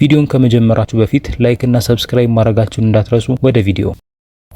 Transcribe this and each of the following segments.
ቪዲዮን ከመጀመራችሁ በፊት ላይክ እና ሰብስክራይብ ማድረጋችሁን እንዳትረሱ። ወደ ቪዲዮ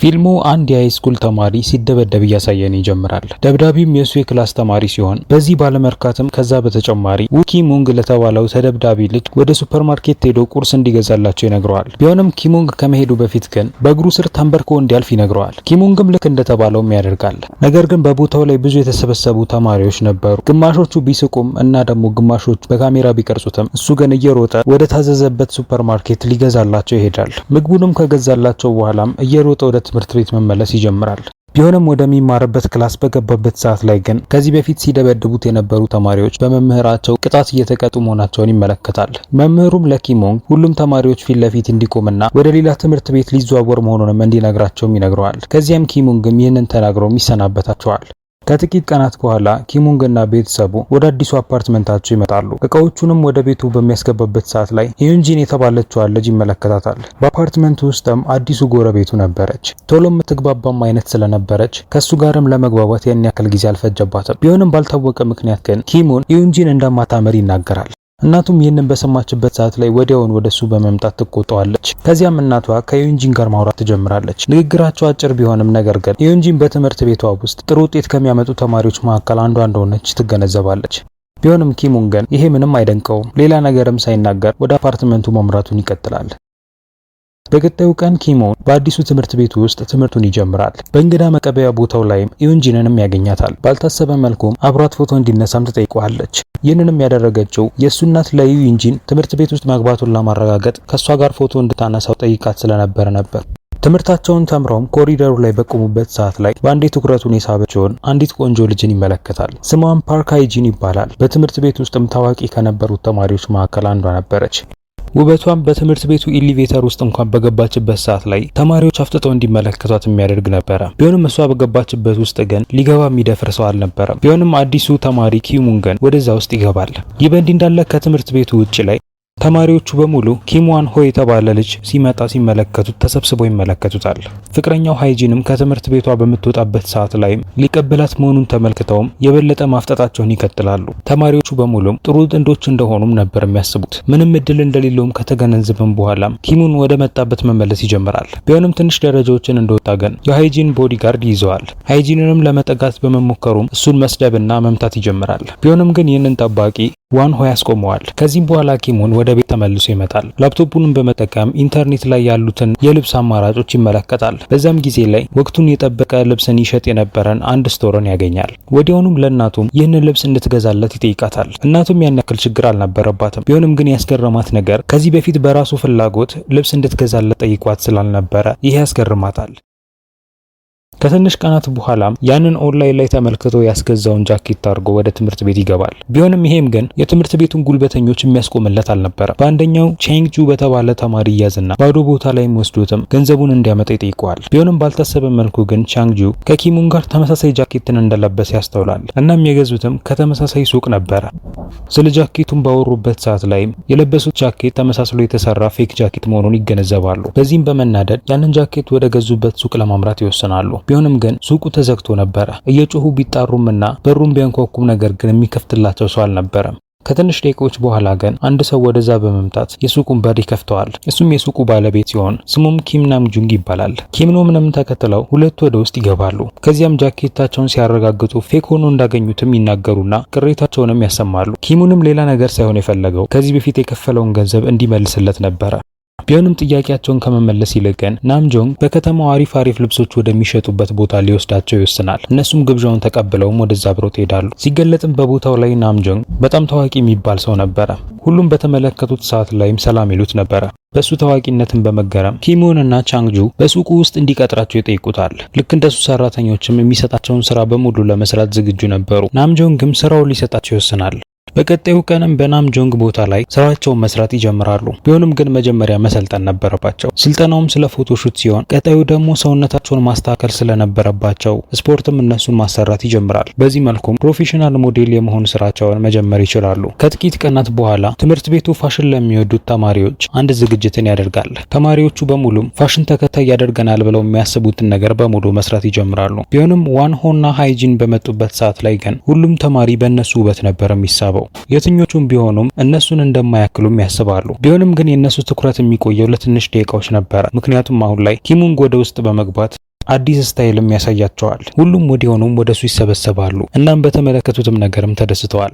ፊልሙ አንድ የሃይስኩል ተማሪ ሲደበደብ እያሳየን ይጀምራል። ደብዳቢውም የእሱ የክላስ ተማሪ ሲሆን በዚህ ባለመርካትም ከዛ በተጨማሪ ውኪ ሙንግ ለተባለው ተደብዳቢ ልጅ ወደ ሱፐርማርኬት ሄዶ ቁርስ እንዲገዛላቸው ይነግረዋል። ቢሆንም ኪሙንግ ከመሄዱ በፊት ግን በእግሩ ስር ተንበርኮ እንዲያልፍ ይነግረዋል። ኪሙንግም ልክ እንደተባለውም ያደርጋል። ነገር ግን በቦታው ላይ ብዙ የተሰበሰቡ ተማሪዎች ነበሩ። ግማሾቹ ቢስቁም እና ደግሞ ግማሾቹ በካሜራ ቢቀርጹትም እሱ ግን እየሮጠ ወደ ታዘዘበት ሱፐርማርኬት ሊገዛላቸው ይሄዳል። ምግቡንም ከገዛላቸው በኋላም እየሮጠ ወደ ትምህርት ቤት መመለስ ይጀምራል። ቢሆንም ወደሚማርበት ክላስ በገባበት ሰዓት ላይ ግን ከዚህ በፊት ሲደበድቡት የነበሩ ተማሪዎች በመምህራቸው ቅጣት እየተቀጡ መሆናቸውን ይመለከታል። መምህሩም ለኪሞንግ ሁሉም ተማሪዎች ፊት ለፊት እንዲቆምና ወደ ሌላ ትምህርት ቤት ሊዘዋወር መሆኑንም እንዲነግራቸውም ይነግረዋል። ከዚያም ኪሞንግም ይህንን ተናግረውም ይሰናበታቸዋል። ከጥቂት ቀናት በኋላ እና ቤተሰቡ ወደ አዲሱ አፓርትመንታቸው ይመጣሉ። እቃዎቹንም ወደ ቤቱ በሚያስገባበት ሰዓት ላይ ዩንጂን የተባለችዋን ልጅ ይመለከታታል። በአፓርትመንቱ ውስጥም አዲሱ ጎረቤቱ ነበረች። ቶሎ የምትግባባም አይነት ስለነበረች ከእሱ ጋርም ለመግባባት ያን ያክል ጊዜ አልፈጀባትም። ቢሆንም ባልታወቀ ምክንያት ግን ኪሙን ዩንጂን እንደማታምር ይናገራል። እናቱም ይህንን በሰማችበት ሰዓት ላይ ወዲያውን ወደሱ በመምጣት ትቆጣዋለች። ከዚያም እናቷ ከዩንጂን ጋር ማውራት ትጀምራለች። ንግግራቸው አጭር ቢሆንም ነገር ግን ዩንጂን በትምህርት ቤቷ ውስጥ ጥሩ ውጤት ከሚያመጡ ተማሪዎች መካከል አንዷ እንደሆነች ትገነዘባለች። ቢሆንም ኪሙን ግን ይሄ ምንም አይደንቀውም። ሌላ ነገርም ሳይናገር ወደ አፓርትመንቱ መምራቱን ይቀጥላል። በቀጣዩ ቀን ኪሞን በአዲሱ ትምህርት ቤት ውስጥ ትምህርቱን ይጀምራል። በእንግዳ መቀበያ ቦታው ላይም ኢዩንጂንንም ያገኛታል። ባልታሰበ መልኩም አብሯት ፎቶ እንዲነሳም ትጠይቀዋለች። ይህንንም ያደረገችው የእሱ እናት ለኢዩንጂን ትምህርት ቤት ውስጥ መግባቱን ለማረጋገጥ ከእሷ ጋር ፎቶ እንድታነሳው ጠይቃት ስለነበረ ነበር። ትምህርታቸውን ተምረውም ኮሪደሩ ላይ በቆሙበት ሰዓት ላይ በአንዴ ትኩረቱን የሳበችውን አንዲት ቆንጆ ልጅን ይመለከታል። ስሟም ፓርክ ሃይጂን ይባላል። በትምህርት ቤት ውስጥም ታዋቂ ከነበሩት ተማሪዎች መካከል አንዷ ነበረች። ውበቷም በትምህርት ቤቱ ኢሊቬተር ውስጥ እንኳን በገባችበት ሰዓት ላይ ተማሪዎች አፍጥጠው እንዲመለከቷት የሚያደርግ ነበረ። ቢሆንም እሷ በገባችበት ውስጥ ግን ሊገባ የሚደፍር ሰው አልነበረም። ቢሆንም አዲሱ ተማሪ ኪሙንገን ወደዛ ውስጥ ይገባል። ይህ በእንዲህ እንዳለ ከትምህርት ቤቱ ውጭ ላይ ተማሪዎቹ በሙሉ ኪምዋን ሆ የተባለ ልጅ ሲመጣ ሲመለከቱት ተሰብስበው ይመለከቱታል። ፍቅረኛው ሃይጂንም ከትምህርት ቤቷ በምትወጣበት ሰዓት ላይ ሊቀበላት መሆኑን ተመልክተውም የበለጠ ማፍጠጣቸውን ይቀጥላሉ። ተማሪዎቹ በሙሉም ጥሩ ጥንዶች እንደሆኑም ነበር የሚያስቡት። ምንም እድል እንደሌለውም ከተገነዘብም በኋላም ኪሙን ወደ መጣበት መመለስ ይጀምራል። ቢሆንም ትንሽ ደረጃዎችን እንደወጣ ግን የሃይጂን ቦዲጋርድ ይዘዋል። ሃይጂንንም ለመጠጋት በመሞከሩም እሱን መስደብና መምታት ይጀምራል። ቢሆንም ግን ይህንን ጠባቂ ዋን ሆ ያስቆመዋል። ከዚህም በኋላ ኪሙን ወደ ቤት ተመልሶ ይመጣል። ላፕቶፑንም በመጠቀም ኢንተርኔት ላይ ያሉትን የልብስ አማራጮች ይመለከታል። በዛም ጊዜ ላይ ወቅቱን የጠበቀ ልብስን ይሸጥ የነበረን አንድ ስቶርን ያገኛል። ወዲያውኑም ለእናቱም ይህንን ልብስ እንድትገዛለት ይጠይቃታል። እናቱም ያን ያክል ችግር አልነበረባትም። ቢሆንም ግን ያስገረማት ነገር ከዚህ በፊት በራሱ ፍላጎት ልብስ እንድትገዛለት ጠይቋት ስላልነበረ ይህ ያስገርማታል። ከትንሽ ቀናት በኋላም ያንን ኦንላይን ላይ ተመልክቶ ያስገዛውን ጃኬት አድርጎ ወደ ትምህርት ቤት ይገባል። ቢሆንም ይሄም ግን የትምህርት ቤቱን ጉልበተኞች የሚያስቆምለት አልነበረም። በአንደኛው ቼንግጁ በተባለ ተማሪ ያዝና ባዶ ቦታ ላይ ወስዶትም ገንዘቡን እንዲያመጣ ይጠይቀዋል። ቢሆንም ባልታሰበ መልኩ ግን ቻንግጁ ከኪሙን ጋር ተመሳሳይ ጃኬትን እንደለበሰ ያስተውላል። እናም የገዙትም ከተመሳሳይ ሱቅ ነበረ። ስለ ጃኬቱን ባወሩበት ሰዓት ላይም የለበሱት ጃኬት ተመሳስሎ የተሰራ ፌክ ጃኬት መሆኑን ይገነዘባሉ። በዚህም በመናደድ ያንን ጃኬት ወደ ገዙበት ሱቅ ለማምራት ይወስናሉ። ቢሆንም ግን ሱቁ ተዘግቶ ነበረ። እየጮሁ ቢጣሩም እና በሩን ቢያንኳኩም ነገር ግን የሚከፍትላቸው ሰው አልነበረም። ከትንሽ ደቂቃዎች በኋላ ግን አንድ ሰው ወደዛ በመምጣት የሱቁን በር ይከፍተዋል። እሱም የሱቁ ባለቤት ሲሆን ስሙም ኪም ጁንግ ይባላል። ኪም ምንም ተከትለው ሁለቱ ወደ ውስጥ ይገባሉ። ከዚያም ጃኬታቸውን ሲያረጋግጡ ፌክ ሆኖ እንዳገኙትም ይናገሩና ቅሬታቸውንም ያሰማሉ። ኪሙንም ሌላ ነገር ሳይሆን የፈለገው ከዚህ በፊት የከፈለውን ገንዘብ እንዲመልስለት ነበረ። ቢሆንም ጥያቄያቸውን ከመመለስ ይልቅን ናምጆንግ በከተማው አሪፍ አሪፍ ልብሶች ወደሚሸጡበት ቦታ ሊወስዳቸው ይወስናል። እነሱም ግብዣውን ተቀብለውም ወደዛ አብሮት ይሄዳሉ። ሲገለጥም በቦታው ላይ ናምጆንግ በጣም ታዋቂ የሚባል ሰው ነበረ። ሁሉም በተመለከቱት ሰዓት ላይም ሰላም ይሉት ነበረ። በሱ ታዋቂነትን በመገረም ኪሙን እና ቻንግጁ በሱቁ ውስጥ እንዲቀጥራቸው ይጠይቁታል። ልክ እንደሱ ሰራተኞችም የሚሰጣቸውን ስራ በሙሉ ለመስራት ዝግጁ ነበሩ። ናምጆንግም ስራውን ሊሰጣቸው ይወስናል። በቀጣዩ ቀንም በናም ጆንግ ቦታ ላይ ስራቸውን መስራት ይጀምራሉ። ቢሆንም ግን መጀመሪያ መሰልጠን ነበረባቸው። ስልጠናውም ስለ ፎቶሹት ሲሆን ቀጣዩ ደግሞ ሰውነታቸውን ማስተካከል ስለነበረባቸው ስፖርትም እነሱን ማሰራት ይጀምራል። በዚህ መልኩም ፕሮፌሽናል ሞዴል የመሆን ስራቸውን መጀመር ይችላሉ። ከጥቂት ቀናት በኋላ ትምህርት ቤቱ ፋሽን ለሚወዱት ተማሪዎች አንድ ዝግጅትን ያደርጋል። ተማሪዎቹ በሙሉም ፋሽን ተከታይ ያደርገናል ብለው የሚያስቡትን ነገር በሙሉ መስራት ይጀምራሉ። ቢሆንም ዋንሆና ሃይጂን በመጡበት ሰዓት ላይ ግን ሁሉም ተማሪ በእነሱ ውበት ነበር የሚሳበው። ናቸው። የትኞቹም ቢሆኑም እነሱን እንደማያክሉም ያስባሉ። ቢሆንም ግን የእነሱ ትኩረት የሚቆየው ለትንሽ ደቂቃዎች ነበረ። ምክንያቱም አሁን ላይ ኪሙንግ ወደ ውስጥ በመግባት አዲስ ስታይልም ያሳያቸዋል። ሁሉም ወዲያውኑም ወደሱ ይሰበሰባሉ። እናም በተመለከቱትም ነገርም ተደስተዋል።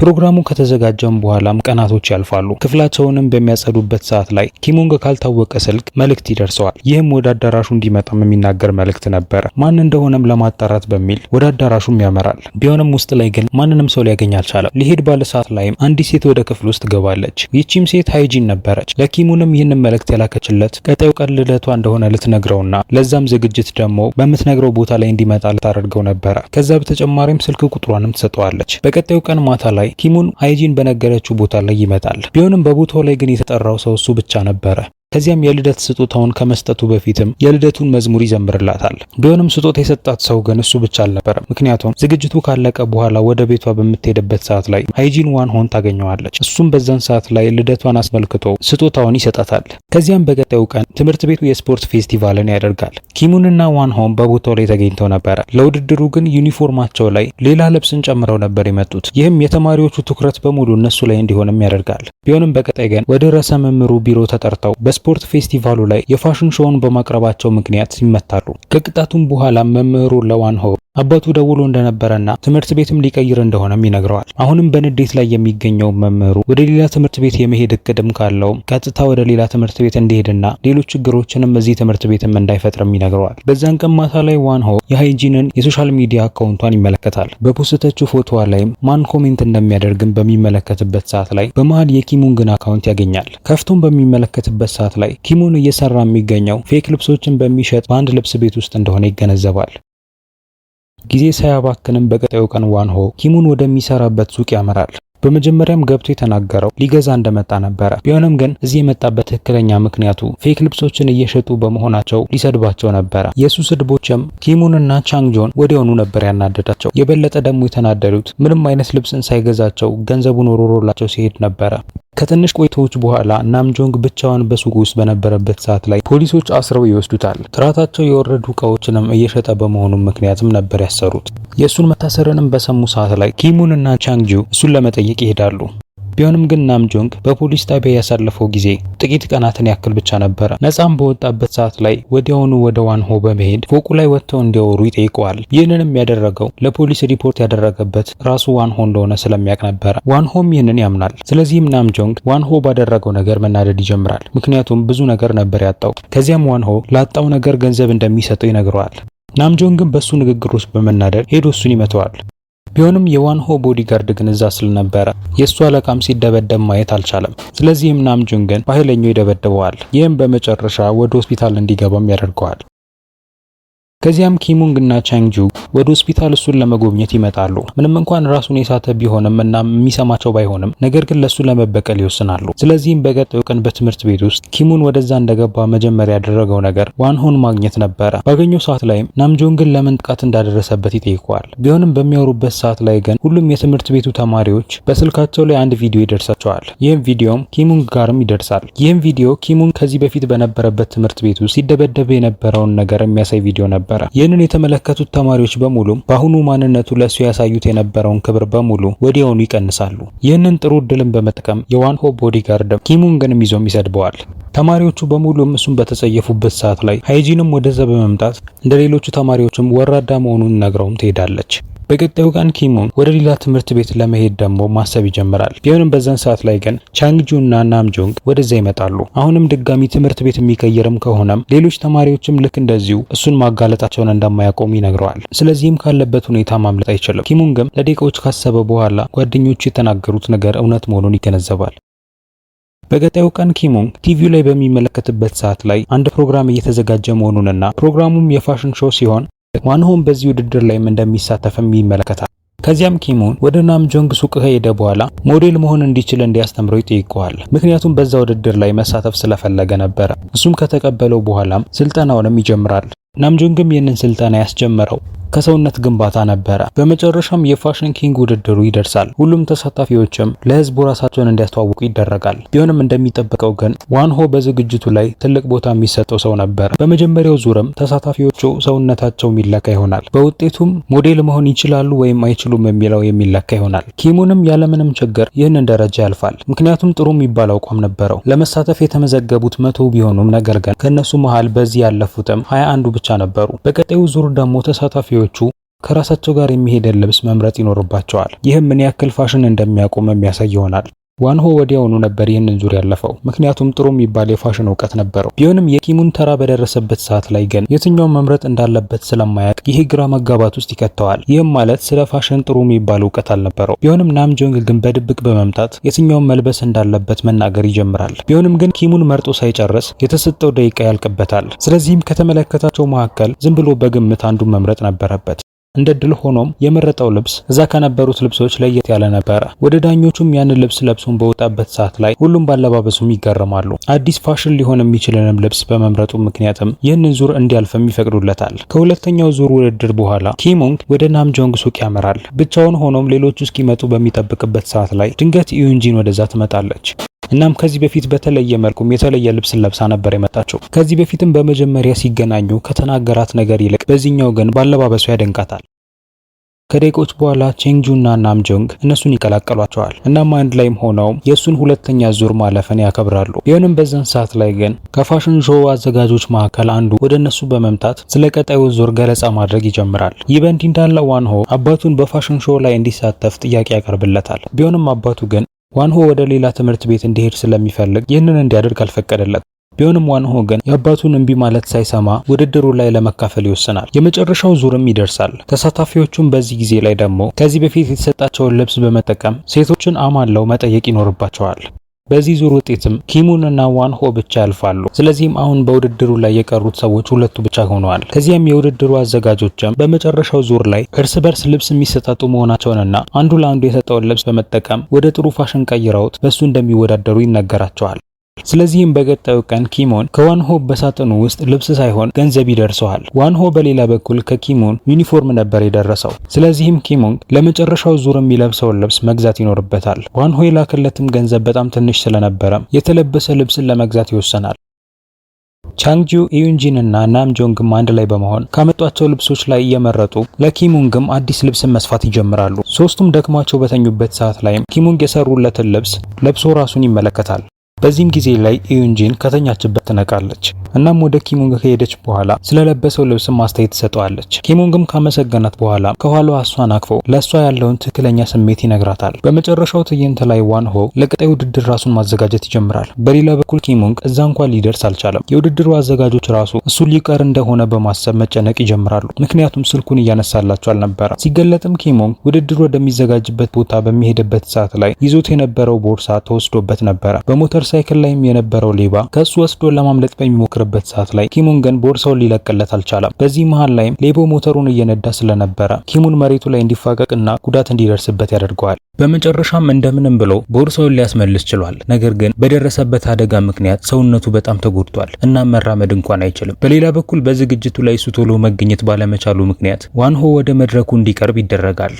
ፕሮግራሙ ከተዘጋጀም በኋላም ቀናቶች ያልፋሉ። ክፍላቸውንም በሚያጸዱበት ሰዓት ላይ ኪሞንግ ካልታወቀ ስልክ መልእክት ይደርሰዋል። ይህም ወደ አዳራሹ እንዲመጣም የሚናገር መልእክት ነበረ። ማን እንደሆነም ለማጣራት በሚል ወደ አዳራሹም ያመራል። ቢሆንም ውስጥ ላይ ግን ማንንም ሰው ሊያገኝ አልቻለም። ሊሄድ ባለ ሰዓት ላይም አንዲት ሴት ወደ ክፍል ውስጥ ገባለች። ይቺም ሴት ሃይጂን ነበረች። ለኪሙንም ይህንን መልእክት ያላከችለት ቀጣዩ ቀን ልደቷ እንደሆነ ልትነግረውና ለዛም ዝግጅት ደግሞ በምትነግረው ቦታ ላይ እንዲመጣ ልታደርገው ነበረ። ከዛ በተጨማሪም ስልክ ቁጥሯንም ትሰጠዋለች። በቀጣዩ ቀን ማታ ላይ ላይ ኪሙን ሃይጂን በነገረችው ቦታ ላይ ይመጣል። ቢሆንም በቦታው ላይ ግን የተጠራው ሰው እሱ ብቻ ነበረ። ከዚያም የልደት ስጦታውን ከመስጠቱ በፊትም የልደቱን መዝሙር ይዘምርላታል። ቢሆንም ስጦታ የሰጣት ሰው ግን እሱ ብቻ አልነበረም። ምክንያቱም ዝግጅቱ ካለቀ በኋላ ወደ ቤቷ በምትሄድበት ሰዓት ላይ ሃይጂን ዋን ሆን ታገኘዋለች። እሱም በዛን ሰዓት ላይ ልደቷን አስመልክቶ ስጦታውን ይሰጣታል። ከዚያም በቀጣዩ ቀን ትምህርት ቤቱ የስፖርት ፌስቲቫልን ያደርጋል። ኪሙንና ዋን ሆን በቦታው ላይ ተገኝተው ነበረ። ለውድድሩ ግን ዩኒፎርማቸው ላይ ሌላ ልብስን ጨምረው ነበር የመጡት። ይህም የተማሪዎቹ ትኩረት በሙሉ እነሱ ላይ እንዲሆንም ያደርጋል። ቢሆንም በቀጣይ ግን ወደ ርዕሰ መምህሩ ቢሮ ተጠርተው በስፖርት ፌስቲቫሉ ላይ የፋሽን ሾውን በማቅረባቸው ምክንያት ይመታሉ። ከቅጣቱም በኋላ መምህሩ ለዋንሆ አባቱ ደውሎ እንደነበረና ትምህርት ቤትም ሊቀይር እንደሆነም ይነግረዋል። አሁንም በንዴት ላይ የሚገኘው መምህሩ ወደ ሌላ ትምህርት ቤት የመሄድ እቅድም ካለው ቀጥታ ወደ ሌላ ትምህርት ቤት እንዲሄድና ሌሎች ችግሮችንም እዚህ ትምህርት ቤትም እንዳይፈጥርም ይነግረዋል። በዛን ቀን ማታ ላይ ዋንሆ የሃይጂንን የሶሻል ሚዲያ አካውንቷን ይመለከታል። በፖስተችው ፎቶዋ ላይም ማን ኮሜንት እንደሚያደርግም በሚመለከትበት ሰዓት ላይ በመሀል የኪሙንግን አካውንት ያገኛል። ከፍቶም በሚመለከትበት ሰዓት ላይ ኪሙን እየሰራ የሚገኘው ፌክ ልብሶችን በሚሸጥ በአንድ ልብስ ቤት ውስጥ እንደሆነ ይገነዘባል። ጊዜ ሳያባክንም በቀጣዩ ቀን ዋንሆ ኪሙን ወደሚሰራበት ሱቅ ያመራል። በመጀመሪያም ገብቶ የተናገረው ሊገዛ እንደመጣ ነበረ። ቢሆንም ግን እዚህ የመጣበት ትክክለኛ ምክንያቱ ፌክ ልብሶችን እየሸጡ በመሆናቸው ሊሰድባቸው ነበረ። የእሱ ስድቦችም ኪሙንና ቻንግጆን ወዲያውኑ ነበር ያናደዳቸው። የበለጠ ደግሞ የተናደዱት ምንም አይነት ልብስን ሳይገዛቸው ገንዘቡን ወሮሮላቸው ሲሄድ ነበረ። ከትንሽ ቆይታዎች በኋላ ናምጆንግ ብቻውን በሱቅ ውስጥ በነበረበት ሰዓት ላይ ፖሊሶች አስረው ይወስዱታል። ጥራታቸው የወረዱ እቃዎችንም እየሸጠ በመሆኑ ምክንያትም ነበር ያሰሩት። የእሱን መታሰርንም በሰሙ ሰዓት ላይ ኪሙን እና ቻንግጁ እሱን ለመጠየቅ ይሄዳሉ። ቢሆንም ግን ናምጆንግ በፖሊስ ጣቢያ ያሳለፈው ጊዜ ጥቂት ቀናትን ያክል ብቻ ነበረ። ነጻም በወጣበት ሰዓት ላይ ወዲያውኑ ወደ ዋንሆ በመሄድ ፎቁ ላይ ወጥተው እንዲያወሩ ይጠይቀዋል። ይህንንም ያደረገው ለፖሊስ ሪፖርት ያደረገበት ራሱ ዋንሆ እንደሆነ ስለሚያውቅ ነበረ። ዋንሆም ይህንን ያምናል። ስለዚህም ናምጆንግ ዋንሆ ባደረገው ነገር መናደድ ይጀምራል። ምክንያቱም ብዙ ነገር ነበር ያጣው። ከዚያም ዋንሆ ላጣው ነገር ገንዘብ እንደሚሰጠው ይነግረዋል። ናምጆንግን በእሱ ውስጥ በመናደድ ሄዶ እሱን ይመተዋል። ቢሆንም የዋንሆ ቦዲጋርድ ግን እዛ ስለነበረ የእሱ አለቃም ሲደበደብ ማየት አልቻለም። ስለዚህም ናምጁን ግን በኃይለኛው ይደበድበዋል። ይህም በመጨረሻ ወደ ሆስፒታል እንዲገባም ያደርገዋል። ከዚያም ኪሙንግ እና ቻንግጁ ወደ ሆስፒታል እሱን ለመጎብኘት ይመጣሉ። ምንም እንኳን ራሱን የሳተ ቢሆንም እና የሚሰማቸው ባይሆንም ነገር ግን ለሱ ለመበቀል ይወስናሉ። ስለዚህም በቀጣዩ ቀን በትምህርት ቤት ውስጥ ኪሙን ወደዛ እንደገባ መጀመሪያ ያደረገው ነገር ዋንሆን ማግኘት ነበረ። ባገኘው ሰዓት ላይም ናምጆንግን ለምን ጥቃት እንዳደረሰበት ይጠይቀዋል። ቢሆንም በሚያወሩበት ሰዓት ላይ ግን ሁሉም የትምህርት ቤቱ ተማሪዎች በስልካቸው ላይ አንድ ቪዲዮ ይደርሳቸዋል። ይህም ቪዲዮም ኪሙንግ ጋርም ይደርሳል። ይህም ቪዲዮ ኪሙንግ ከዚህ በፊት በነበረበት ትምህርት ውስጥ ሲደበደብ የነበረውን ነገር የሚያሳይ ቪዲዮ ነበር። ነበረ። ይህንን የተመለከቱት ተማሪዎች በሙሉም በአሁኑ ማንነቱ ለእሱ ያሳዩት የነበረውን ክብር በሙሉ ወዲያውኑ ይቀንሳሉ። ይህንን ጥሩ እድልን በመጥቀም የዋንሆ ቦዲጋርድም ኪሙንግንም ይዞም ይሰድበዋል። ተማሪዎቹ በሙሉም እሱን በተጸየፉበት ሰዓት ላይ ሃይጂንም ወደዛ በመምጣት እንደ ሌሎቹ ተማሪዎችም ወራዳ መሆኑን ነግረውም ትሄዳለች። በቀጣዩ ቀን ኪሙን ወደ ሌላ ትምህርት ቤት ለመሄድ ደግሞ ማሰብ ይጀምራል። ቢሆንም በዛን ሰዓት ላይ ግን ቻንግጁ እና ናምጆንግ ወደዛ ይመጣሉ። አሁንም ድጋሚ ትምህርት ቤት የሚቀይርም ከሆነም ሌሎች ተማሪዎችም ልክ እንደዚሁ እሱን ማጋለጣቸውን እንደማያቆም ይነግረዋል። ስለዚህም ካለበት ሁኔታ ማምለጥ አይችልም። ኪሙን ግን ለደቂቃዎች ካሰበ በኋላ ጓደኞቹ የተናገሩት ነገር እውነት መሆኑን ይገነዘባል። በቀጣዩ ቀን ኪሙንግ ቲቪው ላይ በሚመለከትበት ሰዓት ላይ አንድ ፕሮግራም እየተዘጋጀ መሆኑንና ፕሮግራሙም የፋሽን ሾው ሲሆን ዋንሆን በዚህ ውድድር ላይም እንደሚሳተፍም ይመለከታል። ከዚያም ኪሙን ወደ ናምጆንግ ሱቅ ከሄደ በኋላ ሞዴል መሆን እንዲችል እንዲያስተምረው ይጠይቀዋል። ምክንያቱም በዛ ውድድር ላይ መሳተፍ ስለፈለገ ነበረ። እሱም ከተቀበለው በኋላም ስልጠናውንም ይጀምራል። ናምጆንግም ይህንን ስልጠና ያስጀመረው ከሰውነት ግንባታ ነበረ። በመጨረሻም የፋሽን ኪንግ ውድድሩ ይደርሳል። ሁሉም ተሳታፊዎችም ለህዝቡ ራሳቸውን እንዲያስተዋውቁ ይደረጋል። ቢሆንም እንደሚጠበቀው ግን ዋንሆ በዝግጅቱ ላይ ትልቅ ቦታ የሚሰጠው ሰው ነበር። በመጀመሪያው ዙርም ተሳታፊዎቹ ሰውነታቸው የሚለካ ይሆናል። በውጤቱም ሞዴል መሆን ይችላሉ ወይም አይችሉም የሚለው የሚለካ ይሆናል። ኪሙንም ያለምንም ችግር ይህንን ደረጃ ያልፋል። ምክንያቱም ጥሩ የሚባል አቋም ነበረው። ለመሳተፍ የተመዘገቡት መቶ ቢሆኑም ነገር ግን ከእነሱ መሃል በዚህ ያለፉትም ሀያ አንዱ ብቻ ነበሩ። በቀጣዩ ዙር ደግሞ ተሳታፊ ተማሪዎቹ ከራሳቸው ጋር የሚሄደን ልብስ መምረጥ ይኖርባቸዋል። ይህም ምን ያክል ፋሽን እንደሚያውቁ የሚያሳይ ይሆናል። ዋንሆ ወዲያውኑ ነበር ይህንን ዙር ያለፈው፣ ምክንያቱም ጥሩ የሚባል የፋሽን እውቀት ነበረው። ቢሆንም የኪሙን ተራ በደረሰበት ሰዓት ላይ ግን የትኛውን መምረጥ እንዳለበት ስለማያውቅ ይሄ ግራ መጋባት ውስጥ ይከተዋል። ይህም ማለት ስለ ፋሽን ጥሩ የሚባል እውቀት አልነበረው። ቢሆንም ናምጆንግ ግን በድብቅ በመምጣት የትኛውን መልበስ እንዳለበት መናገር ይጀምራል። ቢሆንም ግን ኪሙን መርጦ ሳይጨርስ የተሰጠው ደቂቃ ያልቅበታል። ስለዚህም ከተመለከታቸው መካከል ዝም ብሎ በግምት አንዱን መምረጥ ነበረበት። እንደ ድል ሆኖም የመረጠው ልብስ እዛ ከነበሩት ልብሶች ለየት ያለ ነበረ። ወደ ዳኞቹም ያንን ልብስ ለብሶን በወጣበት ሰዓት ላይ ሁሉም ባለባበሱም ይገረማሉ። አዲስ ፋሽን ሊሆን የሚችልንም ልብስ በመምረጡ ምክንያትም ይህንን ዙር እንዲያልፍም ይፈቅዱለታል። ከሁለተኛው ዙር ውድድር በኋላ ኪሙንግ ወደ ናምጆንግ ሱቅ ያመራል። ብቻውን ሆኖም ሌሎቹ እስኪመጡ በሚጠብቅበት ሰዓት ላይ ድንገት ኢዩንጂን ወደዛ ትመጣለች። እናም ከዚህ በፊት በተለየ መልኩም የተለየ ልብስ ለብሳ ነበር የመጣችው። ከዚህ በፊትም በመጀመሪያ ሲገናኙ ከተናገራት ነገር ይልቅ በዚህኛው ግን ባለባበሱ ያደንቃታል። ከደቂቆች በኋላ እና ናምጆንግ እነሱን ይቀላቀሏቸዋል። እናም አንድ ላይም ሆነው የእሱን ሁለተኛ ዙር ማለፍን ያከብራሉ። ቢሆንም በዛን ሰዓት ላይ ግን ከፋሽን ሾው አዘጋጆች መካከል አንዱ ወደ እነሱ በመምጣት ስለ ቀጣዩ ዙር ገለጻ ማድረግ ይጀምራል። ይህ በእንዲህ እንዳለ ዋንሆ አባቱን በፋሽን ሾው ላይ እንዲሳተፍ ጥያቄ ያቀርብለታል። ቢሆንም አባቱ ግን ዋንሆ ወደ ሌላ ትምህርት ቤት እንዲሄድ ስለሚፈልግ ይህንን እንዲያደርግ አልፈቀደለት። ቢሆንም ዋንሆ ግን የአባቱን እምቢ ማለት ሳይሰማ ውድድሩ ላይ ለመካፈል ይወስናል። የመጨረሻው ዙርም ይደርሳል። ተሳታፊዎቹም በዚህ ጊዜ ላይ ደግሞ ከዚህ በፊት የተሰጣቸውን ልብስ በመጠቀም ሴቶችን አማለው መጠየቅ ይኖርባቸዋል። በዚህ ዙር ውጤትም ኪሙን እና ዋን ሆ ብቻ ያልፋሉ። ስለዚህም አሁን በውድድሩ ላይ የቀሩት ሰዎች ሁለቱ ብቻ ሆነዋል። ከዚያም የውድድሩ አዘጋጆችም በመጨረሻው ዙር ላይ እርስ በርስ ልብስ የሚሰጣጡ መሆናቸውንና አንዱ ለአንዱ የሰጠውን ልብስ በመጠቀም ወደ ጥሩ ፋሽን ቀይረውት በእሱ እንደሚወዳደሩ ይነገራቸዋል። ስለዚህም በቀጣዩ ቀን ኪሞን ከዋንሆ በሳጥኑ ውስጥ ልብስ ሳይሆን ገንዘብ ይደርሰዋል። ዋንሆ በሌላ በኩል ከኪሞን ዩኒፎርም ነበር የደረሰው። ስለዚህም ኪሞን ለመጨረሻው ዙር የሚለብሰውን ልብስ መግዛት ይኖርበታል። ዋንሆ የላከለትም ገንዘብ በጣም ትንሽ ስለነበረ የተለበሰ ልብስን ለመግዛት ይወሰናል። ቻንግጁ ኢዩንጂን እና ናምጆንግም አንድ ላይ በመሆን ካመጧቸው ልብሶች ላይ እየመረጡ ለኪሙንግም አዲስ ልብስን መስፋት ይጀምራሉ። ሶስቱም ደክሟቸው በተኙበት ሰዓት ላይም ኪሙንግ የሰሩለትን ልብስ ለብሶ ራሱን ይመለከታል። በዚህም ጊዜ ላይ ኢዩንጂን ከተኛችበት ትነቃለች። እናም ወደ ኪሙንግ ከሄደች በኋላ ስለለበሰው ልብስ ማስተያየት ትሰጠዋለች። ኪሙንግም ካመሰገናት በኋላ ከኋላዋ እሷን አቅፎ ለእሷ ያለውን ትክክለኛ ስሜት ይነግራታል። በመጨረሻው ትዕይንት ላይ ዋን ሆ ለቀጣይ ውድድር ራሱን ማዘጋጀት ይጀምራል። በሌላ በኩል ኪሙንግ እዛ እንኳን ሊደርስ አልቻለም። የውድድሩ አዘጋጆች ራሱ እሱ ሊቀር እንደሆነ በማሰብ መጨነቅ ይጀምራሉ። ምክንያቱም ስልኩን እያነሳላቸው አልነበረ። ሲገለጥም ኪሙንግ ውድድሩ ወደሚዘጋጅበት ቦታ በሚሄድበት ሰዓት ላይ ይዞት የነበረው ቦርሳ ተወስዶበት ነበረ። በሞተር ሞተርሳይክል ላይም የነበረው ሌባ ከሱ ወስዶ ለማምለጥ በሚሞክርበት ሰዓት ላይ ኪሙን ግን ቦርሳውን ሊለቅለት አልቻለም። በዚህ መሃል ላይም ሌቦ ሞተሩን እየነዳ ስለነበረ ኪሙን መሬቱ ላይ እንዲፋቀቅና ጉዳት እንዲደርስበት ያደርገዋል። በመጨረሻም እንደምንም ብሎ ቦርሳውን ሊያስመልስ ችሏል። ነገር ግን በደረሰበት አደጋ ምክንያት ሰውነቱ በጣም ተጎድቷል እና መራመድ እንኳን አይችልም። በሌላ በኩል በዝግጅቱ ላይ እሱ ቶሎ መገኘት ባለመቻሉ ምክንያት ዋንሆ ወደ መድረኩ እንዲቀርብ ይደረጋል።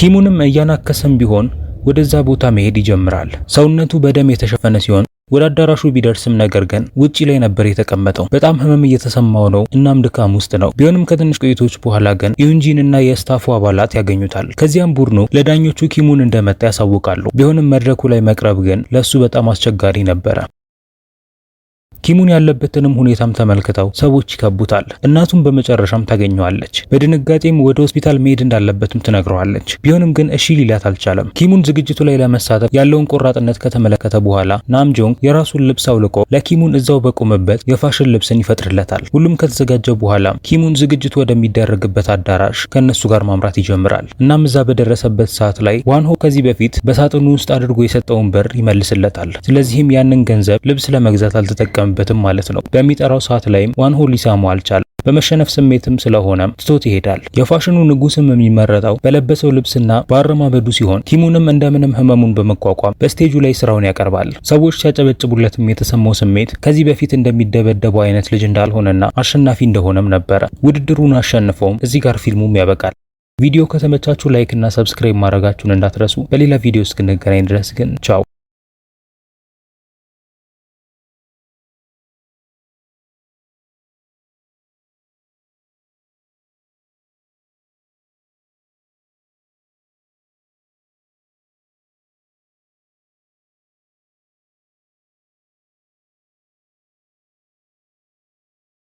ኪሙንም እያናከሰም ቢሆን ወደዛ ቦታ መሄድ ይጀምራል። ሰውነቱ በደም የተሸፈነ ሲሆን ወደ አዳራሹ ቢደርስም ነገር ግን ውጪ ላይ ነበር የተቀመጠው። በጣም ህመም እየተሰማው ነው፣ እናም ድካም ውስጥ ነው። ቢሆንም ከትንሽ ቆይቶች በኋላ ግን ዩንጂን እና የስታፉ አባላት ያገኙታል። ከዚያም ቡድኑ ለዳኞቹ ኪሙን እንደመጣ ያሳውቃሉ። ቢሆንም መድረኩ ላይ መቅረብ ግን ለሱ በጣም አስቸጋሪ ነበረ። ኪሙን ያለበትንም ሁኔታም ተመልክተው ሰዎች ይከቡታል። እናቱም በመጨረሻም ታገኘዋለች። በድንጋጤም ወደ ሆስፒታል መሄድ እንዳለበትም ትነግረዋለች። ቢሆንም ግን እሺ ሊላት አልቻለም። ኪሙን ዝግጅቱ ላይ ለመሳተፍ ያለውን ቆራጥነት ከተመለከተ በኋላ ናምጆንግ የራሱን ልብስ አውልቆ ለኪሙን እዛው በቆመበት የፋሽን ልብስን ይፈጥርለታል። ሁሉም ከተዘጋጀ በኋላ ኪሙን ዝግጅቱ ወደሚደረግበት አዳራሽ ከእነሱ ጋር ማምራት ይጀምራል። እናም እዛ በደረሰበት ሰዓት ላይ ዋንሆ ከዚህ በፊት በሳጥኑ ውስጥ አድርጎ የሰጠውን ብር ይመልስለታል። ስለዚህም ያንን ገንዘብ ልብስ ለመግዛት አልተጠቀም አይጠቀምበትም ማለት ነው። በሚጠራው ሰዓት ላይም ዋን ሆል ሊሳሙ አልቻለም። በመሸነፍ ስሜትም ስለሆነም ትቶት ይሄዳል። የፋሽኑ ንጉስም የሚመረጠው በለበሰው ልብስና በአረማመዱ ሲሆን ቲሙንም እንደምንም ህመሙን በመቋቋም በስቴጁ ላይ ስራውን ያቀርባል። ሰዎች ሲያጨበጭቡለትም የተሰማው ስሜት ከዚህ በፊት እንደሚደበደበው አይነት ልጅ እንዳልሆነና አሸናፊ እንደሆነም ነበረ። ውድድሩን አሸንፈውም እዚህ ጋር ፊልሙም ያበቃል። ቪዲዮ ከተመቻችሁ ላይክ እና ሰብስክራይብ ማድረጋችሁን እንዳትረሱ። በሌላ ቪዲዮ እስክንገናኝ ድረስ ግን ቻው።